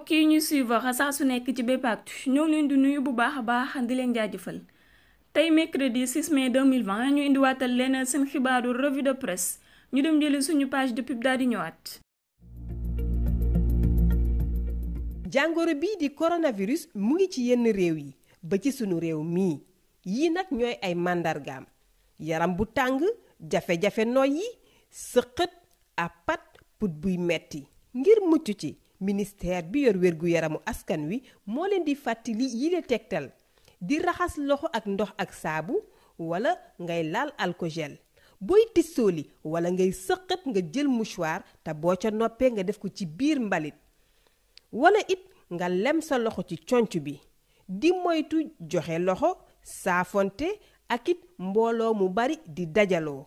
mbokk yi ñuy suivre saa su nekk ci Bpactu ñoo leen di nuyu bu baax a baax di leen jaajëfal tey mercredi 6 mai 2020 ñu indiwaatal leen seen xibaaru revue de presse ñu dem jëli suñu page de pub daal di jàngoro bii di coronavirus mu ngi ci yenn réew yi ba ci sunu réew mii yii nag ñooy ay màndargaam yaram bu tàng jafe-jafe noy yi sëqët pat put buy metti ngir mucc ci. ministère bi yor wérgu yaramu askan wi moo leen di fàttali yile tegtal di raxas loxo ak ndox ak saabu wala ngay laal alkogel booy li wala ngay sëqat nga jël mouchoir te boo ca noppee nga def ko ci biir mbalit wala it nga lem sa loxo ci conc bi di moytu joxe loxo saafonte ak it mbooloo mu bari di dajaloo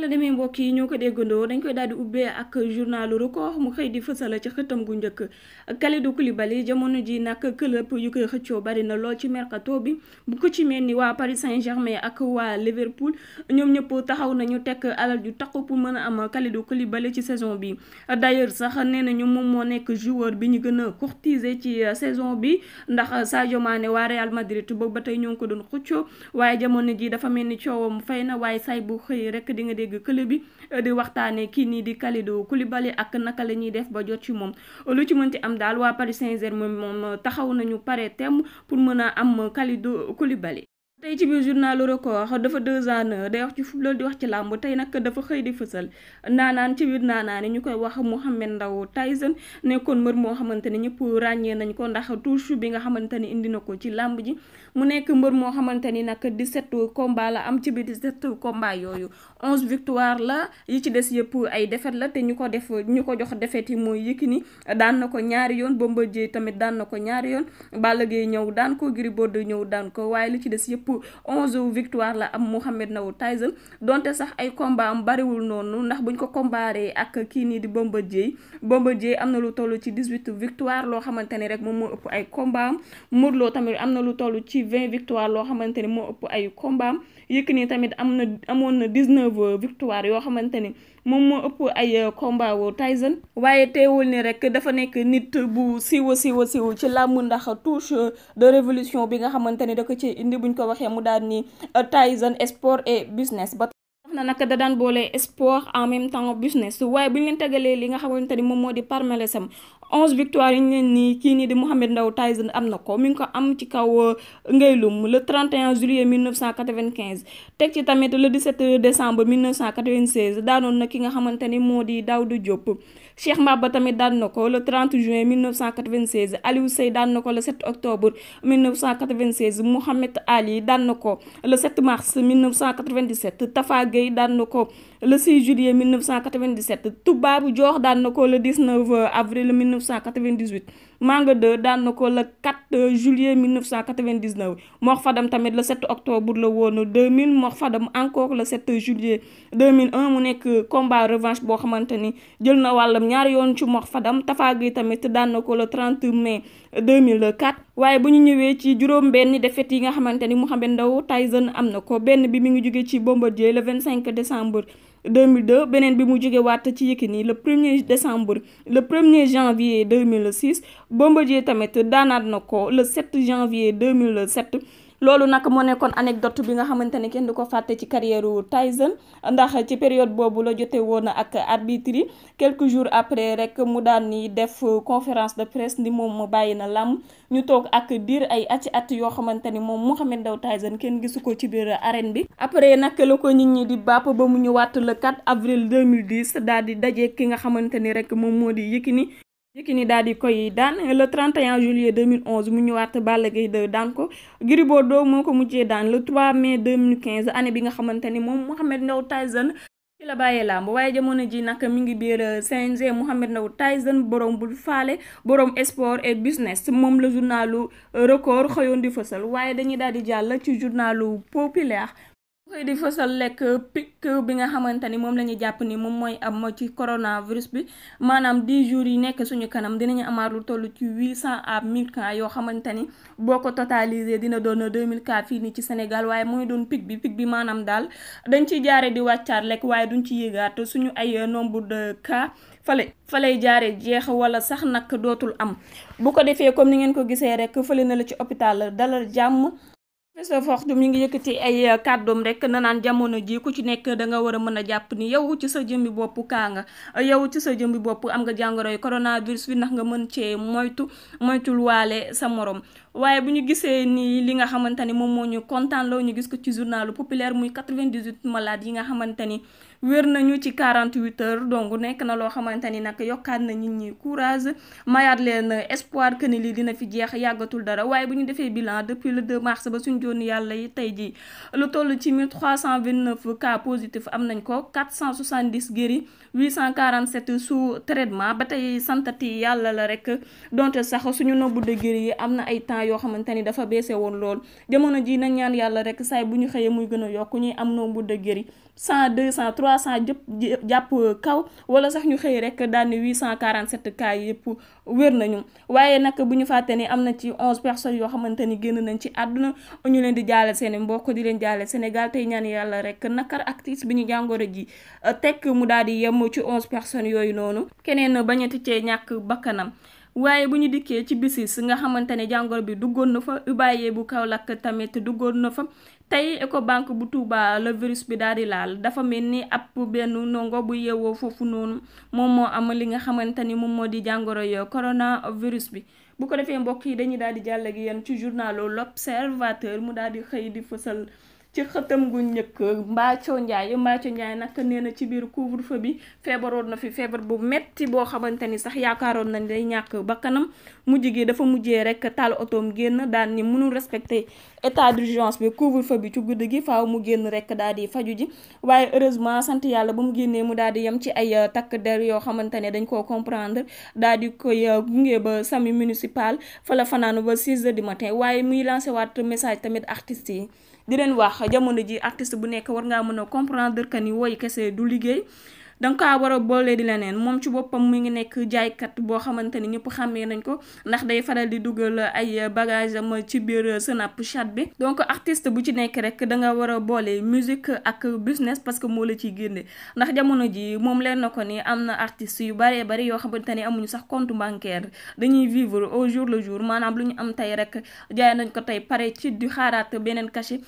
noonu la demee mbokk yi ñoo ko déggandoo dañ koy daal di ubbee ak journalu record mu xëy di fësal ci xëtam gu njëkk Kalidou Koulibaly jamono ji nag club yu koy xëccoo bari na lool ci mercato bi bu ko ci mel ni waa Paris Saint-Germain ak waa Liverpool ñoom ñëpp taxaw nañu tekk alal ju takku pour mën a am Kalidou Koulibaly ci saison bi d'ailleurs sax nee ñu moom moo nekk joueur bi ñu gën a courtiser ci saison bi ndax Sadio Mané waa Real Madrid boobu ba tey ñoo ko doon xëccoo waaye jamono ji dafa mel ni coowam fay na waaye say bu xëy rek di nga dégg kële bi eh, di waxtaanee kii nii di Kalidou Koulibaly ak naka la ñuy def ba jot ci moom lu ci mën ci am daal waa Paris Saint-Germain moom eh, taxaw nañu pare tem pour mën a am Kalidou Koulibaly tey ci biir journalu record dafa deux ans day wax ci football di wax ci làmb tey nag dafa xëy di fësal naanaan ci biir naanaan ñu koy wax Mohamed Ndao Tyson nekkoon mbër moo xamante ne ñëpp ràññee nañ ko ndax touche bi nga xamante ni indi na ko ci làmb ji mu nekk mbër moo xamante ni nag 17 combat la am ci biir 17 combat yooyu 11 victoire la yi ci des yëpp ay défaite la te ñu ko def ñu ko jox défaite yi mooy Yékini daan na ko ñaari yoon Bombardier tamit daan na ko ñaari yoon Balla Gaye ñëw daan ko Gris Bordeaux ñëw daan waaye li ci des yëpp onze victoire la am Mohamed Ndao Tyson donte sax ay combat bariwul noonu ndax buñ ko comparé ak kii nii di Bombardier Bombardier am na lu toll ci dix-huit victoire loo xamante ne rek moom moo ëpp ay combat am Modou Lo tamit am na lu toll ci vingt victoire loo xamante ne moo ëpp ay combat am Yékini tamit am na amoon na dix-neuf victoire yoo xamante ne moom moo ëpp ay euh, combat wu Tyson waaye teewul ni rek dafa nekk nit bu siiwa siiwa siiw ci làmb ndax touche de révolution bi nga xamante ni da ko ci indi buñ ko waxee mu daal ni euh, Tyson sport et business ba na naka da daan boole sport en même temps business waaye bu ñu nga tegalee li nga xamante ni moom moo di parmélesam onze victoire yi ngeen nii kii nii di Mouhamed Ndao Tyson am na ko mi ngi ko am ci kaw euh, Ngaylum le 31 juillet 1995 teg ci tamit le 17 décembre 1996 daanoon na ki nga xamante ni moo di Daouda Diop Cheikh Maba tamit daan na ko le 30 juin 1996 Aliou Sey daan na ko le 7 octobre 1996 Mouhamed Ali daan na ko le 7 mars 1997 Tafa Gueye daan na ko le 6 juillet 1997 Toubabou Dior daan na ko le 19 avril 1998. Manga 2 daan na ko le 4 juillet 1999 Mor Fadam tamit le 7 octobre la woon 2000 Mor Fadam encore le 7 juillet 2001 mu nekk combat revanche boo xamante ni jël na wàllam ñaari yoon ci Mor Fadam Tafa Gueye tamit daan na ko le 30 mai 2004 waaye bu ñu ñëwee ci juróom benn defet yi nga xamante ni Mouhamed Ndao Tyson am na ko benn bi mi ngi jóge ci Bombardier le 25 décembre 2002 beneen bi mu jóge waat ci Yékini le premier décembre le premier janvier 2006 Bombardier tamit daanaat na ko le 7 janvier 2007 loolu nag moo nekkoon anecdote bi nga xamante ne kenn di ko fàtte ci carrière Tyson ndax ci période boobu la jote woon ak arbitre yi quelques jours après rek mu daan ni def conférence de presse ni moom mu bàyyi na làmb ñu toog ak diir ay ati at yoo xamante ni moom Mohamed Ndao Tyson kenn gisu ko ci biir arène bi après nag la ko nit ñi di bàpp ba mu ñëwaat le 4 avril 2010 daal di dajee ki nga xamante ni rek moom moo di Yékini ni daal di koy daan le 31 juillet 2011 mu ñëwaat Balla Gaye 2 daan ko Gris Bordeaux moo ko mujjee daan mais 3 mai 2015 année bi nga xamante ni moom Mouhamed Ndao Tyson ci la bàyyee làmb waaye jamono ji nag mi ngi biir euh, CNG Mouhamed Ndao Tyson borom bul faale borom sport et business moom la journalu euh, record xëyoon di fësal waaye dañuy daal di jàll ci journalu populaire. xëy di fësal lekk pic bi nga xamante ni moom la ñu jàpp ni moom mooy am ci coronavirus bi maanaam 10 jours yi nekk suñu kanam dinañu amaat lu toll ci 800 à 1000 cas yoo xamante ni boo ko totalisé dina doon deux 2000 cas fii nii ci Sénégal waaye mooy doon pic bi pic bi maanaam daal dañ ciy jaaree di wàccaat lekk waaye duñ ci yéegaat suñu ay nombre de cas fale falay jaare jeex wala sax nag dootul am bu ko defee comme ni ngeen ko gisee rek fële na la ci hôpital Dalal Jàmm professeur Fordou mi ngi yëkkati ay eh, kàddoom rek na naan jamono jii ku ci nekk da nga war a mën a jàpp ni yow ci sa jëmbi bopp kaa nga eh, yow ci sa jëmbi bopp am nga jàngoroy coronavirus bi ndax nga mën cee moytu moytul waale sa moroom waaye bu ñu gisee ni li nga xamante ni moom moo ñu kontaan loo ñu gis ko ci journalu populaire muy 98 malades yi nga xamante ni wér nañu ci 48 heures donc nekk na loo xamante ni nag yokkaat na nit ñi courage mayaat leen espoir que ni lii dina fi jeex yàggatul dara waaye bu ñu defee bilan depuis le deux mars ba suñ jooni yàlla yi tey jii lu toll ci 1329 cas positif am nañ ko 470 guéri 847 sous traitement ba tey santati yàlla la rek donte sax suñu nombre de guéri yi am na ay temps yoo xamante ni dafa beese woon lool jamono ji nañ ñaan yàlla rek saay bu ñu xëyee muy gën a yokk ñuy am nombre de guéri 100 trois cent jëpp jàpp kaw wala sax ñu xëy rek daal ni huit cent quarante sept cas yëpp wér nañu waaye nag bu ñu fàtte ni am na ci onze personnes yoo xamante ni génn nañ ci àdduna ñu leen di jaale seen mbokk di leen jaale Sénégal tey ñaan yàlla rek nakar ak tiis bi ñu jàngoro ji tekk mu daal di yem ci onze personnes yooyu noonu keneen bañati cee ñàkk bakkanam waaye bu ñu dikkee ci bisis nga xamante ne jàngoro bi duggoon na fa ubayee bu Kaolack tamit duggoon na fa tey Ecobank bu Touba la virus bi daal di laal dafa mel ni ab benn ndongo bu yeewoo foofu noonu moom moo am li nga xamante ni moom moo di jàngoro yo coronavirus bi bu ko defee mbokk yi dañuy daal di jàll ak yéen ci journalu L'Observateur mu daal di xëy di fësal. ci xëtam gu njëkk Mbathio Ndiaye Mbathio Ndiaye nag nee na ci biir couvre-feu bi feebaroon na fi feebar bu metti boo xamante ni sax yaakaaroon nañ day ñàkk ba bakkanam mujj gi dafa mujjee rek taal otoom génn daan ni mënul respecter état d'urgence bi couvre-feu bi ci guddi gi faaw mu génn rek daal di faju ji waaye heureusement sant yàlla ba mu génnee mu daal di yem ci ay euh, takk der yoo xamante ne dañ koo comprendre daal di koy euh, gunge ba sami municipal fa la fanaanu ba 6 heures du matin waat message tamit artistes yi di leen wax jamono ji artiste bu nekk war ngaa mën a comprendre que ni woy kese du liggéey danga kaa war a boole di leneen moom ci boppam mu ngi nekk jaaykat boo xamante ni ñëpp xàmmee nañ ko ndax day faral di dugal ay bagage am ci biir Snapchat bi donc artiste bu ci nekk rek da nga war a boole musique ak business parce que moo la ciy génne ndax jamono ji moom leen na ko ni am na artistes yu baree bari yoo xamante ni amuñu sax compte bancaire dañuy vivre au jour le jour maanaam lu ñu am tey rek jaay nañ ko tey pare ci di xaaraat beneen cachet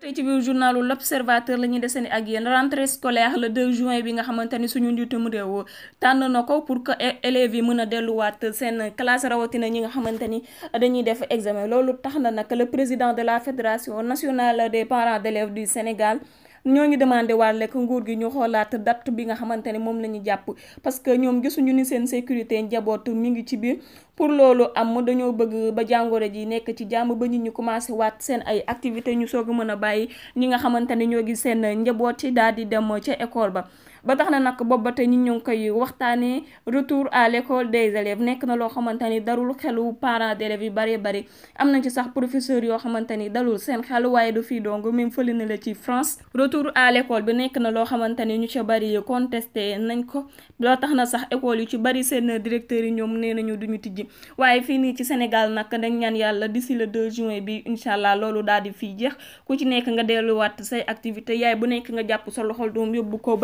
tey ci biir journalu l'observateur la ñuy desandi ak yéen rentrée scolaire le 2 juin bi nga xamante ni suñu njiitum réew tànn na ko pour que élèves yi mën a delluwaat seen classe rawatina ñi nga xamante ni dañuy def examen loolu tax na naka le président de la fédération nationale des parents d'élèves du Sénégal ñoo ngi demandé waa lekk nguur gi ñu xoolaat date bi nga xamante ne moom la ñu jàpp parce que ñoom gisuñu ni seen sécurité njaboot mi ngi ci biir pour loolu am dañoo bëgg ba jàngoro ji nekk ci jàmm ba nit ñu commencé waat seen ay activité ñu soog a mën a bàyyi ñi nga xamante ne ñoo gis seen njaboot ci daal di dem ca école ba ba tax na nag boobu ba tey ñu ngi koy waxtaanee retour à l' des élèves nekk na loo xamante ni darul xelu parents d' élèves yu bëree bëri am nañ ci sax professeur yoo xamante ni dalul seen xel waaye du fii dong même fële na la ci France retour à l' bi nekk na loo xamante ni ñu ca bëri contesté nañ ko loo tax na sax école yi ci bari seen directeur yi ñoom nee ñu duñu tijji waaye fii nii ci Sénégal nag dañ ñaan yàlla di le 2 juin bi incha allah loolu daal di fii jeex ku ci nekk nga delluwaat say activité yaay bu nekk nga jàpp sa loxol doom yóbbu ko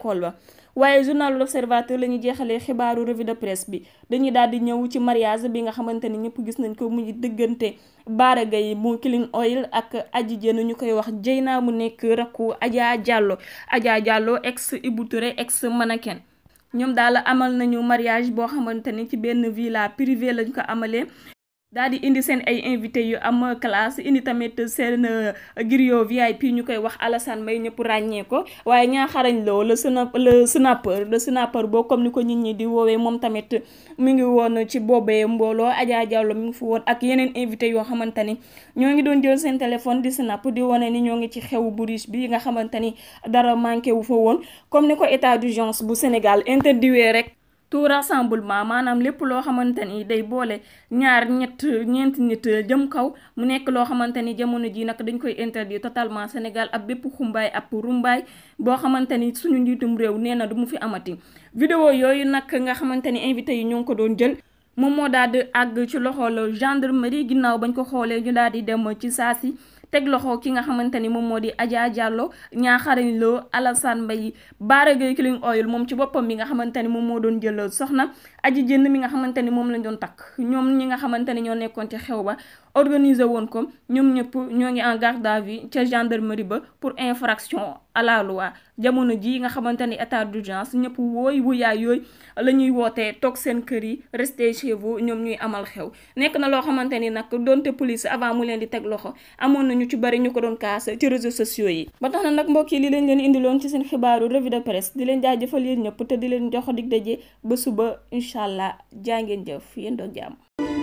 école waaye journal l'observateur la ñu jeexalee xibaaru revue de presse bi dañuy daal di ñëw ci mariage bi nga xamante ni ñëpp gis nañ ko muy diggante Bara Gaye mu Clean Oil ak Adji Dieng ñu koy wax naa mu nekk rakku Adja Diallo Adja Diallo ex Ibou Touré ex mannequin ñoom daal amal nañu mariage boo xamante ni ci benn villa privée lañ ko amalee daal di indi seen ay invité yu am classe indi tamit seen euh, griot VIP ñu koy wax Alassane Mbaye ñëpp ràññee ko waaye ñaa xarañ loo le sna le snapper le snapper boo comme ni ko nit ñi di woowee moom tamit mu ngi woon ci boobee mbooloo Adja mu ngi fi woon ak yeneen invité yoo xamante ni ñoo ngi doon jël seen téléphone di snap di wane ni ñoo ngi ci xew bu bi nga xamante ni dara manqué wu fa woon comme ni ko état d'urgence bu Sénégal interdiwee rek. tout rassemblement maanaam lépp loo xamante ni day boole ñaar ñett ñeenti nit uh, jëm kaw mu nekk loo xamante ni jamono ji nag dañ koy interdit totalement Sénégal ab bépp xumbaay ab rumbaay boo xamante ni suñu njiitum réew nee na du mu fi amati vidéo yooyu nag nga xamante ni invité yi ñoo ngi ko doon jël moom moo daal di àgg ci loxol gendarmerie ginnaaw bañ ko xoolee ñu daal di dem ci saa si teg loxo ki nga xamante ni moom moo di Adja Diallo ñaaxarañ loo Alassane Mbaye Baara Gueye Killing Oil moom ci boppam bi nga xamante ni moom moo doon jël soxna aji jënd mi nga xamante ni moom lañ doon takk ñoom ñi nga xamante ni ñoo nekkoon ci xew ba organiser woon ko ñoom ñëpp ñoo ngi en garde à vue ca gendarmerie ba pour infraction à la loi jamono ji nga xamante ni état d'urgence ñëpp wooy wuyaay yooyu la ñuy wootee toog seen kër yi rester chez vous ñoom ñuy amal xew nekk na loo xamante ni nag donte police avant mu leen di teg loxo amoon na ñu ci bari ñu ko doon kaas ci réseaux sociaux yi ba tax na nag mbokk li leen ci seen xibaaru revue de presse di di leen jox dig incha allah jaa ngeen jëf yéen doog jàmm